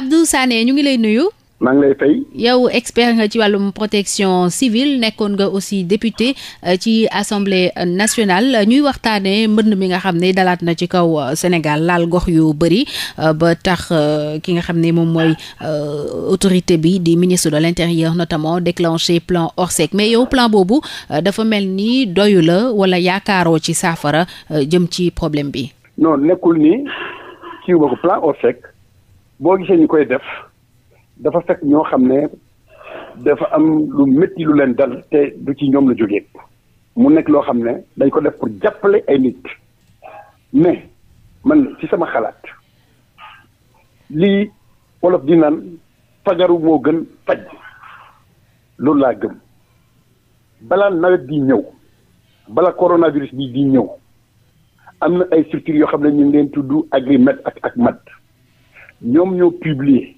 Abdou Sané ñu ngi lay nuyu. maa lay fay. yow expert nga ci wàllum protection civile nekkoon nga aussi député euh, ci assemblée nationale ñuy waxtaanee mbënn mi nga xam ne dalaat na ci kaw euh, Sénégal laal gox yu bëri euh, ba tax ki nga xam ne moom mooy autorité bi di ministre de l'intérieur notamment déclenché plan Orsec mais yow plan boobu dafa mel nii doyu la wala yaakaaroo ci saafara jëm ci problème bi. non nekkul ni ci plan Orsec. boo gisee ñu koy def dafa fekk ñoo xam ne dafa am lu métti lu leen dal te du ci ñoom la jógee mu nekk loo xam ne dañ ko def pour jàppale ay nit mais man ci sama xalaat lii wolof di naan fajaru moo gën faj loolu laa gëm balaa nawet bi ñëw bala coronavirus bi di ñëw am na ay structures yoo xam ne ñu ngi leen tudd Agri Med ak ak Mat ñoom ñoo publier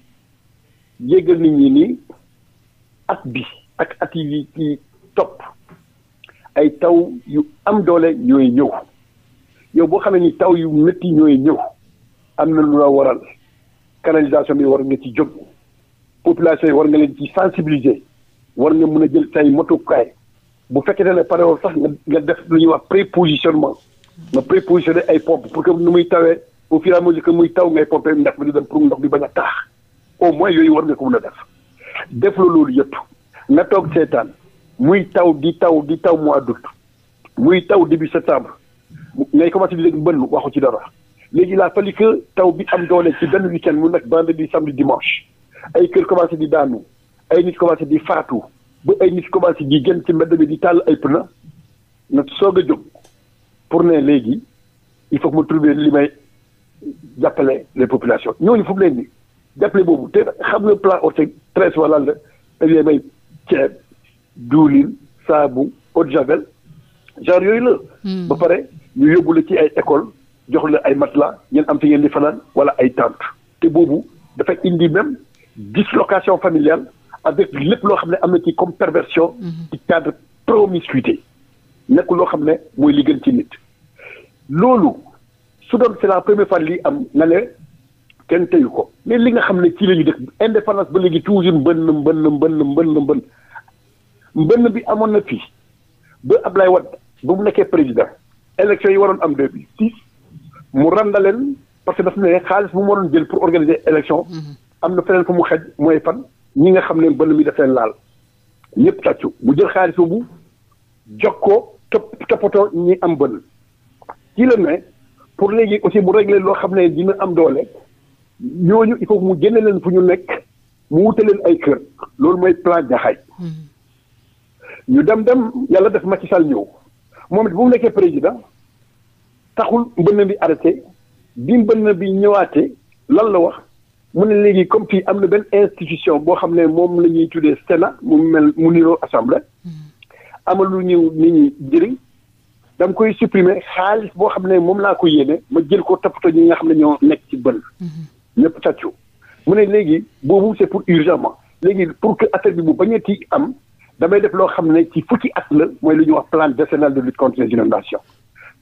yégal nit ñi nii at bi ak at yi ci topp ay taw yu am doole ñooy ñëw yow boo xamee ni taw yu métti ñooy ñëw am na lu la waral canalisation bi war nga ci jóg population yi war nga leen ci sensibiliser war nga mën a jël say motukaay bu fekkee ne pare sax nga def lu ñuy wax prépositionnement nga prépositionner ay pompe pour que nu muy tawee. au fur et muy taw ngay pompé ndax bi di dem pour ndox bi bañ a taax au moins yooyu war nga ko mën a def def loolu yëpp nga toog seetaan muy taw di taw di taw mois d'août muy taw début septembre ngay commencé di dégg mbënn waxu ci dara léegi laa fali que taw bi am doole ci benn week-end mu nekk vendredi samedi dimanche ay kër commencé di daanu ay nit commencé di faatu ba ay nit commencé di gën ci mbedd bi di tàll ay pneu na soog a jóg pour ne léegi il faut jàppale les populations ñooñu fu mu leen di jàppale boobu te xam nga plan ORSEC très souvent lan la dañ lay may ceeb diwlin saabu eau de javel genre yooyu la. Hmm. ba pare ñu yóbbu la ci ay école jox la ay matelas ngeen am fi ngeen di fanaan wala ay tentes te boobu dafay indi même dislocation familiale avec lépp loo xam ne am na ci comme perversion. Hmm. ci cadre promiscuité nekk loo xam ne mooy li ci nit loolu. su doon c'est la première fois lii am nga ne kenn teyu ko mais li nga xam ne ci la ñu dëkk indépendance ba léegi toujours mbënn mbënn mbënn mbënn mbënn mbënn bi amoon na fii ba Ablaye Wade ba mu nekkee président élection yi waroon am deux mille six mu randaleen parce que daf ne xaalis bu mu waroon jël pour organiser élection am na feneen fu mu xej mooy fan ñi nga xam ne mbënn mi daf leen laal ñëpp tàccu mu jël xaalis boobu jox ko topp toppatoo ñi am bënn pour léegi aussi bu régler loo xam ne dina am doole ñooñu il faut mu génne leen fu ñu nekk mu wute leen ay kër loolu mooy plan Jaxaay hmm. ñu dem dem yàlla def Macky sal ñëw moom it bu mu nekkee président taxul mbënn bi arrêté bi mbënn bi ñëwaatee lal la wax mu ne léegi comme fii am na benn institution boo xam ne moom la ñuy tuddee Sénat mu mel mu niroo assemblée. Hmm. amalu ñëw nit ñi jëriñ dama koy supprimer xaalis boo xam ne moom laa ko yéene ma jël ko toppatoo ñi nga xam ne ñoo nekk ci bën mhm. ñëpp tàccu mu ne léegi boobu c'est pour urgemment léegi pour que affaire bi bu bañati am damay def loo xam ne ci fukki at la mooy lu ñuy wax plan décennal de lutte contre les inondations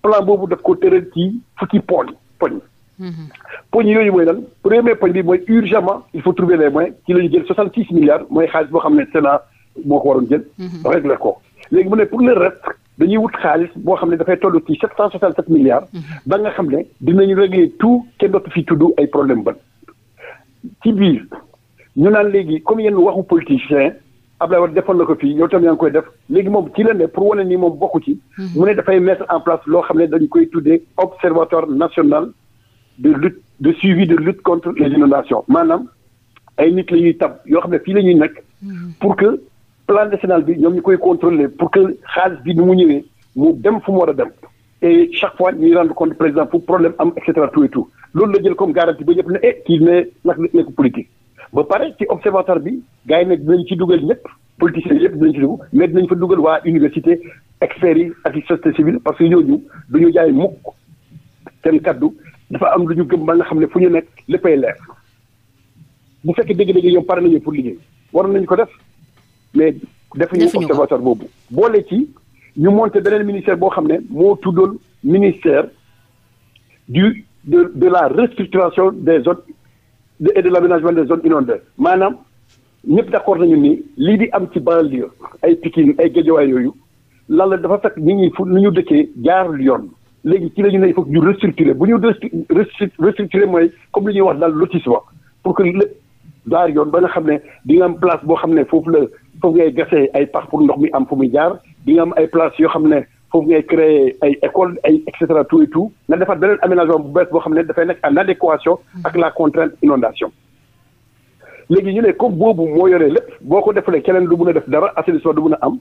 plan boobu daf ko tëral ci fukki poñ poñ mhm. poñ yooyu mooy lan premier poñ bi mooy urgemment il faut trouver les moyens ci la ñu jël soixante six milliards mooy xaalis boo xam ne Sénat moo ko waroon mhm. ko léegi mu ne pour le dañuy wut xaalis boo xam ne dafay toll ci sept cent soixante sept milliards. Mm-hmm. ba nga xam ne dinañu régler tout kenn dootu fi tudd ay problème ban ci biir ñu naan léegi comme yenn waxu politicien Abdoulaye Wade defoon na ko fii yow tam yaa ngi koy def léegi moom ci la ne pour wane ni moom bokku ci. Mm-hmm. mu ne dafay mettre en place loo xam ne dañ koy tuddee observatoire national de lutte de suivi de lutte contre les inondations maanaam ay nit la ñuy tab yoo xam ne fii la ñuy nekk mm-hmm. plan décennal bi ñoom ñu koy contrôler pour que xaalis bi ni mu ñëwee mu dem fu mu war a dem et chaque fois ñuy rendre compte président pour problème am et cetera tout et tout loolu la jël comme garantie ba ñëpp ne eh kii ne nag nekk politique. ba pare ci observatoire bi gars yi nag dinañ ci dugal ñëpp politiciens yëpp dinañ ci dugg mais dinañ fa dugal waa université experts yi ak société civile parce que ñooñu du ñu jaay mukk seen kàddu dafa am lu ñu gëm ba nga xam ne fu ñu nekk léppay leer bu fekkee dégg-dégg ñoom pare nañu pour liggéey waroon nañu ko def. mais def defuñu observatoire boobu boole ci ñu monté beneen ministère boo xam ne moo tuddoon ministère du de de la restructuration des zones de et de l'aménagement zone zones inondées maanaam ñëpp d'accord nañu ni lii di am ci banlieue ay Pikine ay Guédiawaye yooyu lan la dafa fekk nit ñi fu nu ñu dëkkee jaarul yoon léegi ci la ñu ne il faut ñu restructurer bu ñu restructurer mooy comme li ñuy wax daal lotissement pour que lépp jaar yoon ba nga xam ne di am place boo xam ne foofu la foofu ngay gasee ay pax pour ndox mi am fu muy jaar di nga am ay place yoo xam ne foofu ngay créer ay école ay et tout et tout nga defaat beneen aménagement bu bees boo xam ne dafay nekk en adéquation ak la contrainte inondation léegi ñu ne comme boobu moo yore lépp boo ko defalee keneen du mun a def dara assainissement du mun a am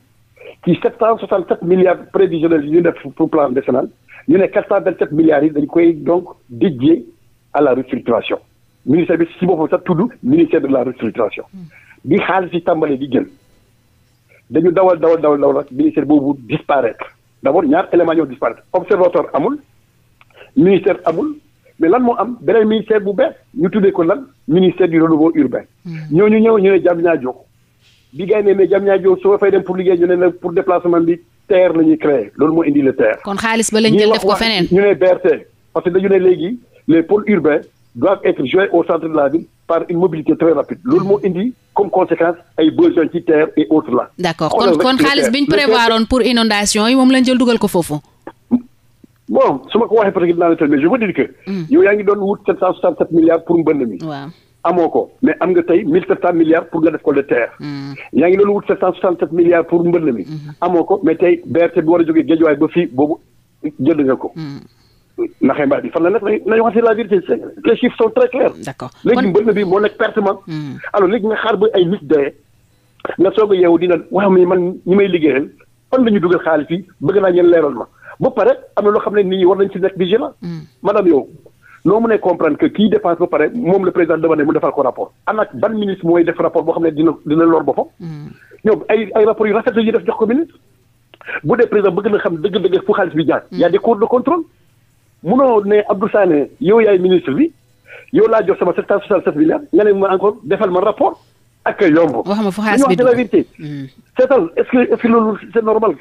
ci sept cent soixante sept milliards prévisionnels yi ñu def pour plan décennal ñu ne quatre cent vingt sept milliards koy donc dédié à la restructuration ministère bi si boppam sax tudd ministère de la restructuration bi xaalis yi tàmbalee dañu dawal dawal dawal dawal rek ministère boobu disparaître d' abord ñaar élément ñoo disparaître observatoire amul ministère amul mais lan moo am beneen ministère bu bees ñu tuddee ko lan ministère du renouveau urbain. Hmm. ñooñu ñëw ñu ne Diamniadio bi gars yi ne mais Diamniadio soo fay dem pour liggéey ñu ne la pour déplacement bi terre la ñuy créé loolu moo indi le terre. kon xaalis ba lañ def ko feneen ñu ne BRT parce que dañu ne léegi les pôles urbains doivent être joués au par une mobilité très rapide loolu moo indi comme conséquence ay besoins ci terre et autres là. d'accord kon kon xaalis bi ñu prévoiroon pour inondation yi moom lañ jël ko foofu. bon su ma ko waxee peut-être dinaa la tënk mais je veux dire que. Hmm. yow yaa ngi doon wut 767 milliards pour mbënd mi. waaw amoo ko mais am nga tey 1700 milliards pour nga def ko de terre. Hmm. yaa ngi doon wut 767 mi. Hmm. amoo ko mais tey BRT bi war a jógee Guédiawaye ba fii boobu jënd nga ko. naxee mbaat bi fan la nekk nañu wax la vérité les chiffres sont très clairs. d'accord léegi mbënd bi moo nekk pertement. Hmm. alors léegi nga xaar ba ay nit dee. nga soog a yeewu dina waaw mais man ñi may liggéeyal fan la ñu xaalis yi bëgg naa ngeen leeral ma ba pare am na loo xam ne nit ñi war nañ si nekk vigilant. Hmm. madame yow noo mënee comprendre que kii dépense ba pare moom le président demandé mu defal ko rapport. ana ban ministre mooy def rapport hmm. a munoo ne Abdou Sané yow yaay ministre bi yow laa jox sama 767 milliards nga ne ma encore defal ma rapport ak yomb. fu xaalis bi la vérité. Hmm. seetal est-ce que est-ce que loolu c'est normal.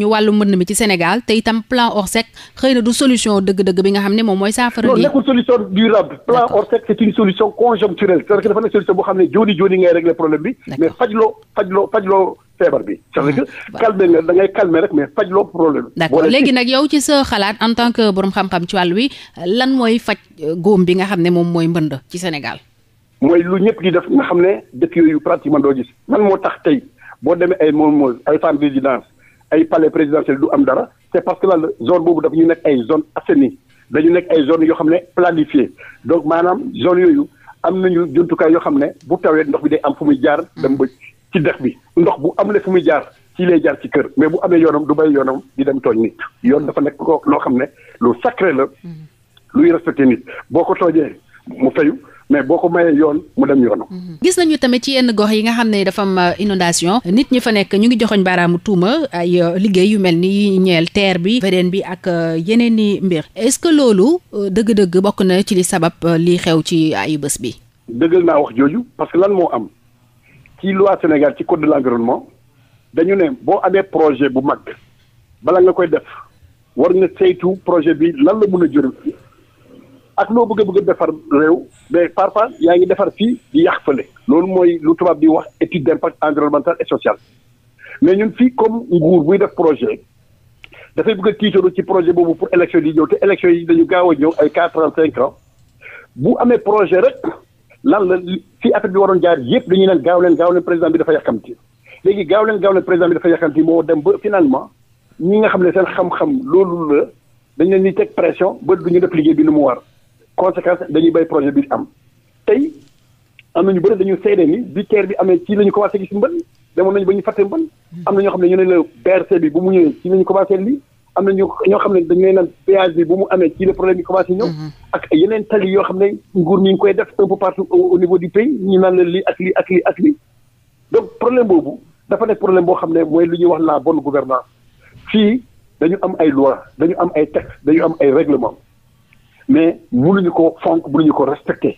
ñu wàllu mbënn mi ci Sénégal te itam plan Orsec xëy na du solution dëgg-dëgg bi nga xam ne moom mooy saafara. non nekkul solution durable. plan Orsec c'est une solution conjoncturelle. cest que dafa nekk solution boo xam ne jooni jooni ngay régler problème bi. mais fajloo fajloo fajloo. feebar bi. ça ah, veut dire que calmer nga da ngay calmer rek mais faj loo problème. d' léegi nag yow ci sa xalaat en tan que borom xam-xam ci wàll wi lan mooy faj euh, góom bi nga xam ne moom mooy mbënd ci Sénégal. mooy lu ñëpp di def nga xam ne dëkk yooyu pratiquement doo gis man moo tax tey boo demee ay moom ay femme résidence ay palais présidentiel du am dara te est parce que lan zone boobu dafa ñu nekk ay zone assainie dañu nekk ay zone yoo xam ne planifiée donc maanaam zone yooyu am nañu jumtukaay yoo xam ne bu tawee ndox bi day am fu muy jaar dem ba ci dex bi ndox bu am la fu muy jaar ci lay jaar ci kër mais bu amee yoonam du bay yoonam di dem tooñ nit yoon dafa nekk ko loo xam ne lu sacré la mhm. luy respecté nit boo ko toojee mu fayu mais boo ko mayee yoon mu dem yoonam. Mhm. gis nañu tamit ci yenn gox yi nga xam ne dafa am euh, inondation nit ñi fa nekk ñu ngi joxoñ baaraamu tuuma ay euh, liggéey yu mel ni ñeel teer bi beneen bi ak euh, yeneen i mbir est-ce que loolu dëgg-dëgg bokk na ci li sabab li xew ci ay bés bi. dëggal naa wax jooju parce que lan moo am. ci loi Sénégal ci code de l'environnement dañu ne boo amee projet bu mag bala nga koy def war nga saytu projet bi lan la mën a jural ak loo bëgg a bëgg a defar réew mais parfois yaa ngi defar fii di yàq fële loolu mooy lu tubaab di wax étude d'impact environnemental et social mais ñun fii comme nguur buy def projet dafay bëgg a tiitaru ci projet boobu pour élection yi ñëw te élection yi dañu gaaw a ñëw ay quatre trente cinq ans bu amee projet rek lan la fii affaire bi waroon jaar yëpp dañuy naan gaaw leen gaaw leen président bi dafa yàkkamti léegi gaaw leen gaaw leen président bi dafa yàkkamti moo dem ba finalement ñi nga xam ne seen xam-xam loolu la dañ leen di teg pression bët du ñu def liggéey bi nu mu war conséquence dañuy bay projet bi am tey am na ñu bëri dañu seede ni bi terre bi amee ci la ñu commencé gis mbën demoon nañu ba ñu fàtte mbën am na ñoo xam ne ñu ne la BRT bi bu mu ñëwee ci la ñu commencé lii am na ñu ñoo xam ne dañ leen naan péage bi bu mu amee ci le problème yi commencé ñëw. Mhm. ak yeneen tali yoo xam ne nguur mi ngi koy def un peu partout au ñu naan la lii ak lii ak lii ak lii problème boobu dafa nekk problème boo xam ne mooy lu ñuy wax la bonne gouvernance fii dañu am ay loi dañu am ay texte dañu am ay règlement mais mënuñu ko fonk mënuñu ko respecté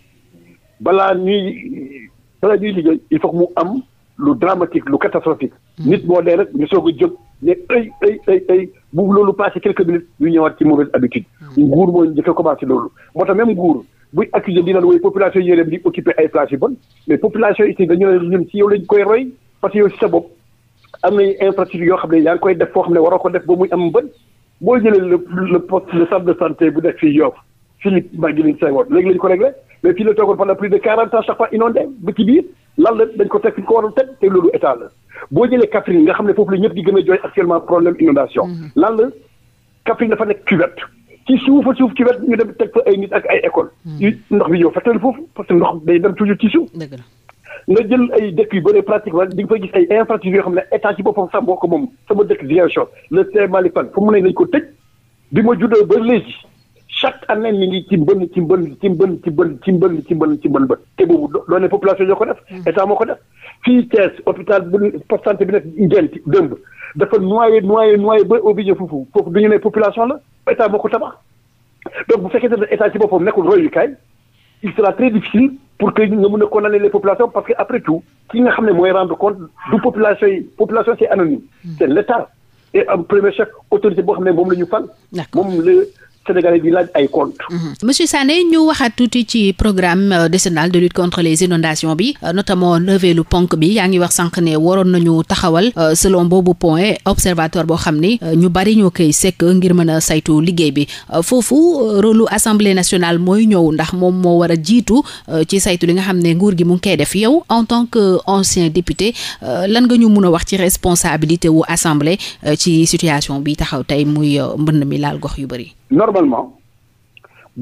balaa ñuy balaa ñuy liggéey il faut mu am lu dramatique lu catastrophique mhm. nit moo dee rek ñu soog a jóg. mais bu loolu passé quelques minutes ñu ñëwaat ci mauvaise habitude. Hmm. Hmm. nguur mooy njëkk a commencé loolu. moo tax même nguur buy accusé di naan woy population yi ñu di occupé ay places yu bon mais population yi dañu ne ñun si yow lañ koy roy parce que yow si sa bopp am nañu infrastructure yoo xam ne yaa ngi koy def foo xam ne waroo ko def ba muy am mbën boo jëlee le le poste le de santé bu def fii Yoff Philippe Maguilène Senghor léegi lañu ko réglé mais fii la toogoon pendant plus de quarante ans chaque fois inondé ba ci biir lan la dañ ko teg fi ñu ko waroon teg te loolu état la boo jëlee Kaffrine nga xam ne foofu la mhm. dem teg fa ay nit ak ay école mhm. ndox bi ñëw fàttali foofu parce que ndox day dem toujours ci nga jël ay dëkk yu bëri pratiquement di nga gis ay infrastructures yoo xam ne état ci boppam sax ko moom sama dëkk Ziguinchor le Saint Malick fan fu ko tëj chaque année ñu ngi ci mbënn ci mbënn ci mbënn ci mbënn ci mbënn ci mbënn ci mbënn ba te boobu doone population ñoo ko def hmm. état moo ko def fii Thiès hôpital bu poste santé bi nekk ngent dëmb dafa noyé noyé noyé ba obligé foofu foofu du ñu ne population la état moo ko tabax donc bu fekkee ne état ci boppam nekkul royukaay il sera très difficile pour que nga mën a condamner les populations parce que après tout ki nga xam ne mooy rendre compte du population yi population c'est anonyme hmm. c'est l'état et en premier chef autorité boo xam ne moom la ñu fal moom la Sénégalais bi laaj ay compte mhm. monsieur Sané ñu waxaat tuuti ci programme euh, décennal de lutte contre les inondations bi euh, notamment neuveelu ponk bi yaa ngi wax sànq ne waroon nañu taxawal euh, selon boobu point observatoire boo xam ni ñu bari ñoo koy sekk ngir mën a saytu liggéey bi foofu rôlu assemblée nationale mooy ñëw ndax moom moo war a jiitu ci saytu li nga xam ne nguur gi mu ngi koy def yow en tant que ancien député lan nga ñu mun a wax ci responsabilité wu assemblée ci situation bi taxaw tey muy mbënd mi laal gox yu bëri normalement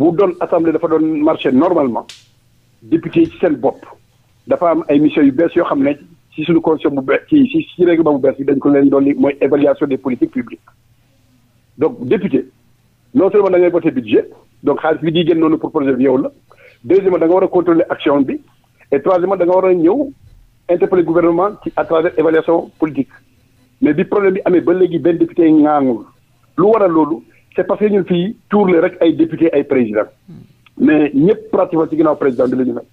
bu doon assemblée dafa doon marché normalement député yi ci seen bopp dafa am ay mission yu bees yoo xam ne ci suñu constitution bu bees ci ci ci règlement bu bees bi dañ ko leen doon li mooy évaluation des politiques publiques donc député non seulement da ngay voté budget donc xaalis bi di génn noonu pour projet bi yow la deuxièmement da nga war a contrôler action bi et troisièmement da nga war a ñëw interpeller gouvernement ci à travers évaluation politique mais bi problème bi amee ba léegi benn député ngaangul lu waral loolu c'est parce que ñun fii tourné rek ay député ay président mais ñëpp pratiquement ci ginnaaw président bi la ñu nekk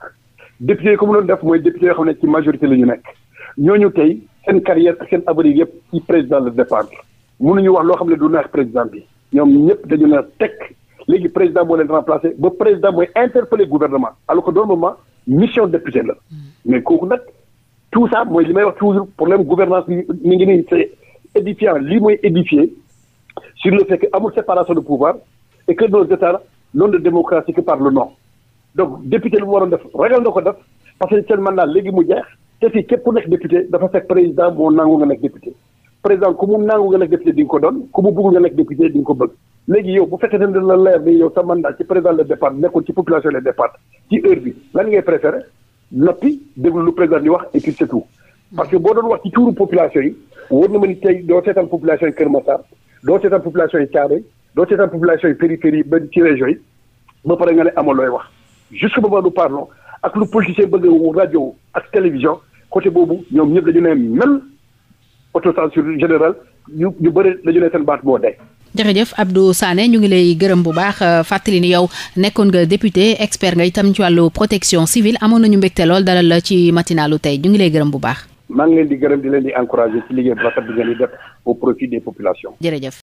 député yi ko mënoon def mooy député yoo xam ne ci majorité la ñu nekk ñooñu tey seen carrière ak seen avenir yëpp ci président la dépendre mënuñu wax loo xam ne du neex président bi ñoom ñëpp dañu ne tekk léegi président boo leen remplacé ba président mooy interpellé gouvernement alors que normalement mission député la mais kooku nag tout ça mooy li may wax toujours problème gouvernance bi mi mooy édifié sur le fait que amul séparation de pouvoir et que nos états n'ont de démocratie que par le nom donc député lu mu waroon def ragal nga ko def parce que seen mandat léegi mu jeex te fii képp nekk député dafa fekk président moo nangu nga nekk député président ku mu nangu nga nekk député di nga ko doon ku mu bëgg nga nekk député di nga ko bëgg léegi yow bu fekkee ne la leer ni yow sa mandat ci président le départ nekkul ci population le départ ci heure bi lan wax et boo doon wax ci tuuru population doo seetaan population yi Thiaroye doo seetaan population yi périphérie ba ci région yi ba pare nga ne amoo looy wax jusqu'au moment où nous parlons ak lu politicien bëgg rajo ak télévision coté boobu ñoom ñëpp dañu ne même autocensure générale ñu ñu bëri dañu ne seen baat moo dee. jërëjëf Abdou Sané ñu ngi lay gërëm bu baax euh, fàttali ni yow nekkoon nga député expert nga itam ci wàllu protection civile amoon nañu mbégte lool dalal la ci matinalu tey ñu ngi lay gërëm bu baax. maa ngi leen di gërëm di leen di encourager ci liggéey bu rafet bi ngeen jërëjëf.